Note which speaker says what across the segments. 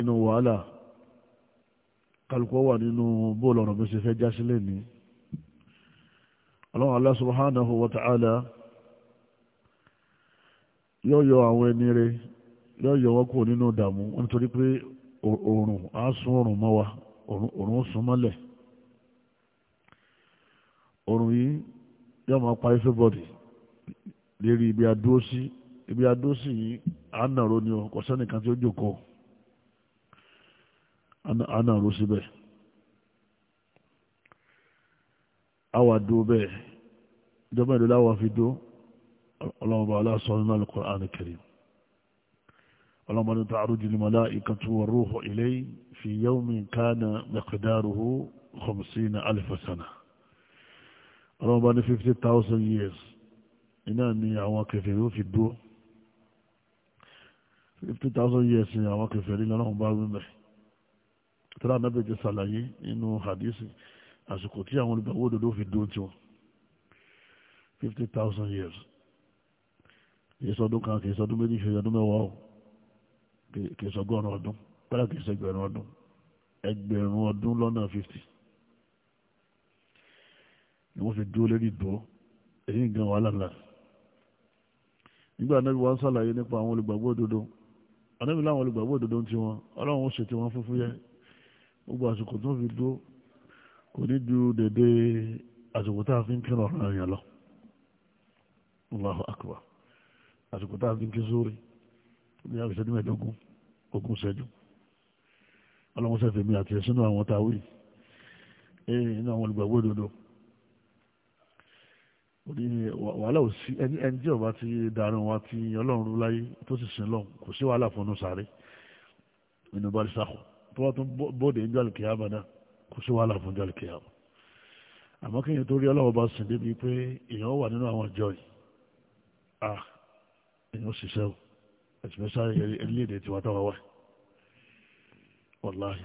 Speaker 1: nínú wàhálà kálukú wà nínú bóòlù ọ̀rọ̀ bí ó ṣe fẹ́ já sílẹ̀ ní ọlọ́run Allah subhanahu wa ta'ala yóò yọ àwọn ẹni rẹ̀ yóò yọ wọ́n kúrò nínú ìdààmú nítorí pé oòrùn á sún oòrùn mọ́ wa oòrùn ó mọ́lẹ̀ pa lérí ibi adúrósí ibi adúrósí yìí á nàró ni o kò tí ó jòkó. àná rò síbẹ̀ àwa dúró bẹ́ẹ̀ ìjọba ìlú láwa fi dúró ọlọ́mọba aláṣọ nínú al-Qur'an al-Karim ọlọ́mọba ní ta'ruju al-mala'ikatu war-ruhu ilayhi fi yawmin kana miqdaruhu khamsina alfa sana ọlọ́mọba ní fifty years iná ni àwọn kẹfẹ́ yóò fi dúró fifty years ni àwọn kẹfẹ́ rí lọ́nà ọba tọ́lá anábì ti ṣàlàyé nínú hadisi àsìkò tí àwọn olùgbàwọ́ òdòdó fi dún tiwọn fifty thousand years kì í sọdún kan kì í sọdún méjì kì í sọdún mẹ́wàá o kì í sọgọ́rùn ọdún pẹ́lá kì í sẹgbẹ̀rún ọdún ẹgbẹ̀rún ọdún lọ́nà fifty ni wọ́n fi dúró lórí ìdúró èyí gan wàhálà ńlá nígbà anábì wa ń sàlàyé nípa àwọn olùgbàgbọ́ òdodo anábì láwọn olùgbàgbọ́ òdodo ń tiwọn ọlọ́run ó ṣètò wọn fúnfún yẹn gbogbo àsìkò tó fi dúró kò ní ju dédé àsìkò tá a fi ń kí ọ̀ràn èèyàn lọ Allahu akbar àsìkò tá a fi ń kí sórí ní àbíṣẹ́jú mẹ́ẹ̀ẹ́dógún ogún ṣẹ́jú ọlọ́run sẹ́fẹ̀ mi àti ẹ̀sìn náà àwọn táwí nínú àwọn olùgbàgbọ́ òdodo wàhálà ò sí ẹni tí ọba ti darí wọn ti ọlọ́run láyé tó sì sin lọ́hùn kò sí wàhálà fún un sáré nínú bá rí sáà tó wọ́n tún bóde ń jọ́lì kìyàmà náà kò sí wàhálà fún jọ́lì kìyàmà àmọ́ kí èèyàn tó rí ọlọ́wọ́ bá sìn débi pé èèyàn wà nínú àwọn ìjọ yìí à èèyàn ṣiṣẹ́ o ẹ̀sìmẹ́sà orílẹ̀-èdè tiwa táwa wà wàláhì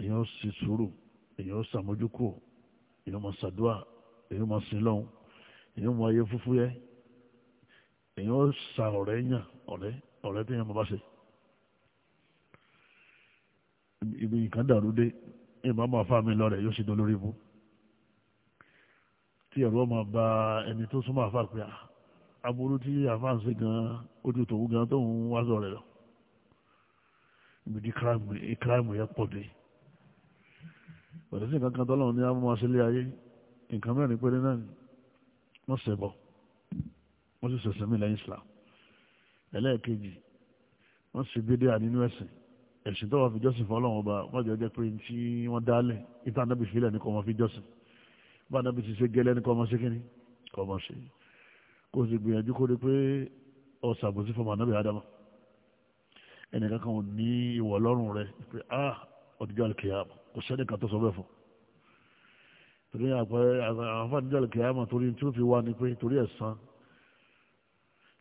Speaker 1: èèyàn sì sùúrù èèyàn sàmójúkù èèyàn máa ṣàdúà èèyàn máa sin lọ́hùn èèyàn máa yẹ fúfú yẹ èèyàn sa ọ̀rẹ́ yàn ọ̀rẹ́ ọ̀rẹ́ tó yẹn máa bá ṣe ibi nǹkan dàrú dé ìmọ̀ọ́mọ́ àfáàmì lọ́rẹ̀ yóò ṣe dolórí bú tí ẹ̀rọ ọmọ bá ẹni tó súnmọ́ àfáà pé ah, aburú tí àfáà ń ṣe gan ojú tòun gan tóun wá sọ̀rọ̀ lọ ibi tí kíráìmù yẹn pọ̀ dé òṣìṣẹ́ nǹkan kan tọ́lọ́run ní amú aṣílé ayé nǹkan mẹ́rin péré náà ni wọ́n ṣẹbọ wọ́n sì ṣẹ̀ṣẹ̀ mí lẹ́yìn Islam ẹlẹ́ẹ̀kejì wọ́n sì bídíà nínú ẹ̀sìn ẹ̀sìn tó wà fi jọ́sìn fún ọlọ́run ọba wọ́n jọ jẹ́ pé tí wọ́n dálẹ̀ ìta anábì sílẹ̀ ní kò wọ́n fi jọ́sìn bá anábì ti ṣe gẹ́lẹ́ ní kò wọ́n ṣe kíní kò wọ́n ṣe kó o sì gbìyànjú kó rí pé ọ̀sà àbòsí fún anábì ádámà ẹnìkan kan ò ní ìwọ̀ ọlọ́run rẹ pé a ah, ọ̀dìjọ́ àlùkìyàmà kò sẹ́ni kan tó sọ bẹ́ẹ̀ fún torí àwọn àdìjọ́ àlùkìyàmà torí ni pé torí ẹ̀san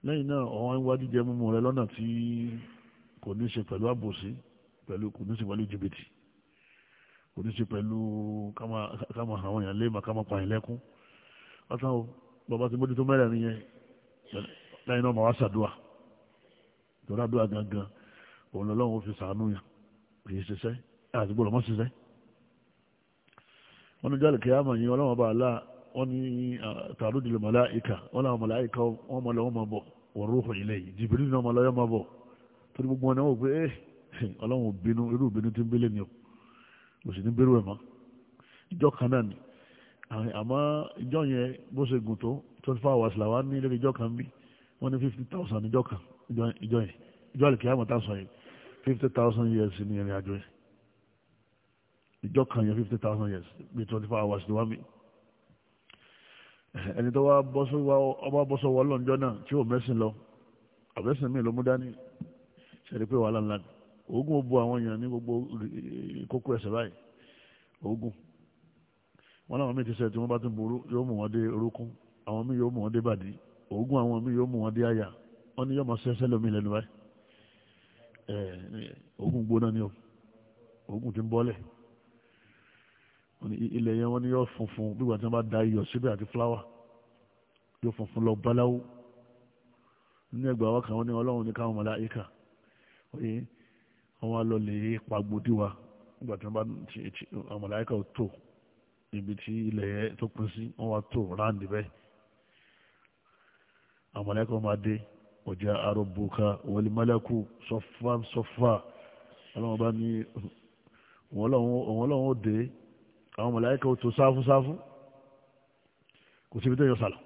Speaker 1: lẹ́yìn náà ọ̀hún wá jíjẹ mímu rẹ lọ́nà tí kò ní pẹ̀lú kò ní sí pẹ̀lú jìbìtì kò ní sí pẹ̀lú káma àwọn èèyàn léèmà káma pààyàn lẹ́kún pátán o bàbá ti mójútó mẹ́rẹ̀ẹ̀rin yẹn lẹ́yìn náà màá wá ṣàdúà tọ́lá dúà gangan òun lọ́lọ́run fi sàánú yàn kì í ṣiṣẹ́ àti gbọ́dọ̀ mọ́ ṣiṣẹ́ wọ́n ní jáde kìyàmà yìí ọlọ́wọ́n bá aláà wọ́n ní tààrùdì lè màláìka wọ́n làwọn màláìka wọ́n mọ̀ lọ́wọ́ mọ̀ bọ̀ wọ́n rúhọ̀ ilé yìí jìbìrì náà mọ̀ lọ́yọ́ mọ̀ bọ̀ torí gbogbo wọn náà wò pé eh, ọlọ́run ò bínú irú ìbínú tí ń bélé ni o kò sì ní bẹ́rù ẹ̀ mọ́ ìjọ kan náà ni àmọ́ ìjọ yẹn bó ṣe gùn tó twenty four hours làwa ní lórí ìjọ kan bí wọ́n ní fifty thousand ìjọ kan ìjọ yẹn ìjọ àlùkí àmọ́ tá a sọ yẹn fifty thousand years ní ìrìn àjò yẹn ìjọ kan yẹn fifty thousand years bí twenty four hours ni wọ́n mi ẹni tó wá bọ́ sọ́wọ́ ọlọ́njọ́ náà tí ò mẹ́sìn lọ àbẹ́sìn mi ló mú dání ṣe é rí pé wàhálà ńlá ni oògùn ó bu àwọn èèyàn ní gbogbo eh, kókó ẹsẹ̀ báyìí oògùn wọn làwọn míì ti sẹ tí wọn bá tún burú yóò mú wọn dé orúkún àwọn míì yóò mú wọn dé bàdí oògùn àwọn míì yóò mú wọn dé àyà wọn ní yóò máa ṣẹṣẹ lómi lẹ́nu báyìí ẹ eh, gbóná ni o oògùn ti ń bọ́lẹ̀ ilẹ̀ yẹn wọ́n ní yóò funfun bí wọ́n ti bá da iyọ̀ síbẹ̀ àti fúláwà yóò funfun lọ báláwo nínú ẹgbàá wákàtí wọn ní ọlọ́run ní káwọn mọ̀lá ayíkà wọ́n wá lọ lè pagbodi wa nígbà tí wọ́n bá ọmọláyíká ò tó ibi tí ilẹ̀ yẹn tó pín sí wọ́n wá tó ráǹdì bẹ́ẹ̀ ọmọláyíká wọn máa dé ọjà arọ́bùkà wọlé mọ́lẹ́kù sọ́fà sọ́fà ọlọ́wọ́n bá ní òun ọlọ́wọ́n ó dé àwọn ọmọláyíká tó sáfúsáfú kò síbi tó yọ sálọ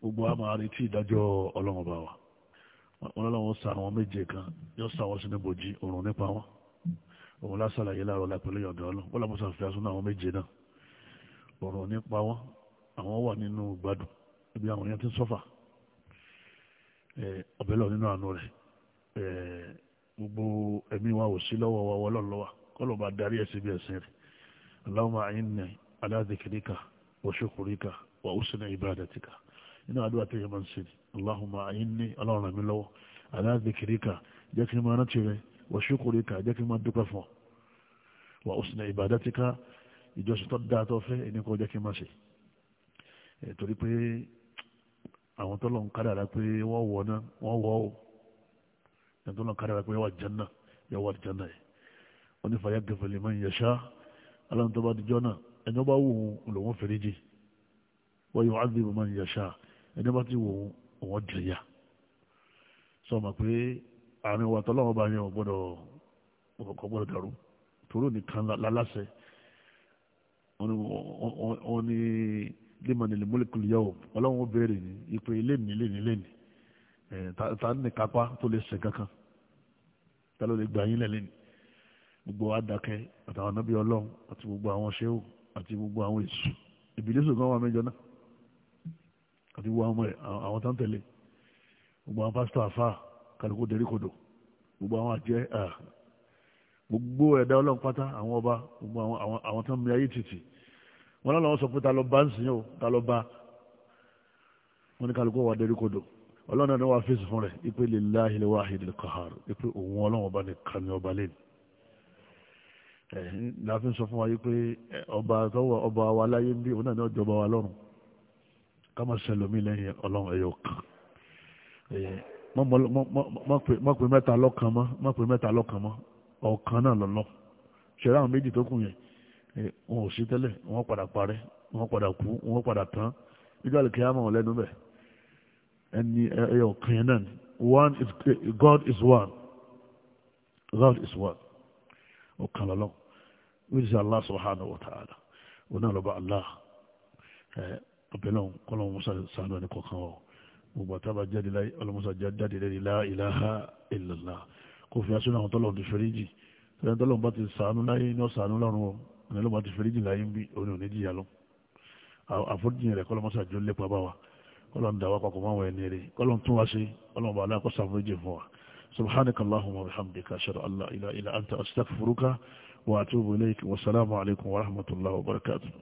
Speaker 1: gbogbo àmọ́ àrètí ìdájọ́ ọlọ́wọ́n bá wa wọn lọ́wọ́ sa àwọn méje kan yóò sa wọn sínú ibòjì òrùn nípa wọn òun lásàlàyé láàrọ̀ lápẹ̀lẹ́ yọ̀dọ̀ ọlọ́ wọ́n làmúsà fi asúnà àwọn méje náà òrùn nípa wọn àwọn wà nínú gbádùn ibi àwọn èèyàn ti ń sọ́fà ọ̀bẹ̀ lọ nínú àánú rẹ̀ gbogbo ẹ̀mí wa ò sí lọ́wọ́ wa wọ́n lọ́wọ́ kọ́lọ̀ bá darí ẹ̀sìn bí ẹ̀sìn rẹ̀ Allahumma a'inni ala dhikrika wa shukrika wa husni ibadatika nínú àdúrà tó yẹ máa ń ṣe Allahumma a'inni ọlọ́run ràn mí lọ́wọ́ ala dhikrika jẹ́ kí n máa rántí rẹ wa shukrika jẹ́ kí n máa dúpẹ́ fún ọ wa husni ibadatika ìjọsìn tó dáa tó fẹ́ ẹni kò jẹ́ kí n máa ṣe torí pé àwọn tó lọ́n kádàrà pé wọ́n wọ̀ náà wọ́n wọ́ ọ́ ẹni tó lọ́n kádàrà pé wọ́n wà jẹ́nà yọ wà jẹ́nà yìí wọ́n ní fàyà gẹ̀fẹ̀lẹ̀ mọ́ ìyẹ̀ṣá aláǹtọ́ ẹni bá ti wò ó wọ́n jẹ̀yà sọ ma pé àárín wa tọ́lọ́wọ́ bá yẹn ò gbọ́dọ̀ kọ́ gbọ́dọ̀ dàrú torí nìkan lálásẹ̀ wọ́n ní limani limulku yawm ọlọ́run ó béèrè ní ipò lẹ́ni lẹ́ni lẹ́ni ta ní kápá tó lè ṣe kankan ta ló lè gbà yín lẹ́ni gbogbo adakẹ́ àtàwọn anábì ọlọ́run àti gbogbo àwọn ṣéwù àti gbogbo àwọn èṣù ìbílẹ̀ sùn kan wà mẹ́jọ náà àti wọ àwọn tó ń tẹ̀lé gbogbo àwọn pásítọ̀ àfa kálukú dẹ̀rí kodò gbogbo àwọn àjẹ́ gbogbo ẹ̀dá ọlọ́run pátá àwọn ọba gbogbo àwọn tó ń mi ayé títì wọn náà làwọn sọ pé ta ló bá ń sìn o ta ló bá wọn ní kálukú wà dẹ̀rí ọlọ́run náà ni wàá fèsì fún rẹ̀ ipe lillahi l-wahidil qahhar ipe òun ọlọ́run ọba ní kàmí ọba lẹ́nu ẹ̀ láfi sọ fún wa yìí pé ọba tó ọba wa láyé ń bí òun náà ní ọjọ́ wa lọ́run kama sẹlómi lẹ́yìn ọlọ́run ẹ̀yọ kan má pè mẹ́ta lọ́kan mọ́ má pè mẹ́ta lọ́kan mọ́ ọ̀kan náà lọ́lọ́ ṣẹlẹ̀ àwọn méjì tó kù yẹn wọn ò sí tẹ́lẹ̀ wọn padà parẹ́ wọn padà kú wọn padà tán nígbà lè kíyàmọ̀ wọn lẹ́nu bẹ̀ ẹni ẹ̀yọ kan yẹn náà ni one is God is one God is one ọ̀kan lọ́lọ́ wíjì sẹ́ Allah subhanahu wa ta'ala wọn náà lọ́ba Allah abẹ́lọ́n kọ́lọ́n musa sànú ẹni kọ̀ọ̀kan ọ̀ gbogbo àtàbà jáde láì ọlọ́musa jáde lẹ́ni la ilaha illallah kò fi aṣọ àwọn tọ́lọ̀ ti fẹ́rí jì tẹ́lẹ̀ tọ́lọ̀ bá ti sànú láyé ní ọ̀sánú lọ́rùn ọ̀ ní ọlọ́ba ti fẹ́rí láyé ń bí òní òní jìyà lọ. àforíjì rẹ̀ kọ́lọ́n musa jọ lépa bá wa kọ́lọ́n dàwa papọ̀ máa wẹ̀ nírè kọ́lọ́n tún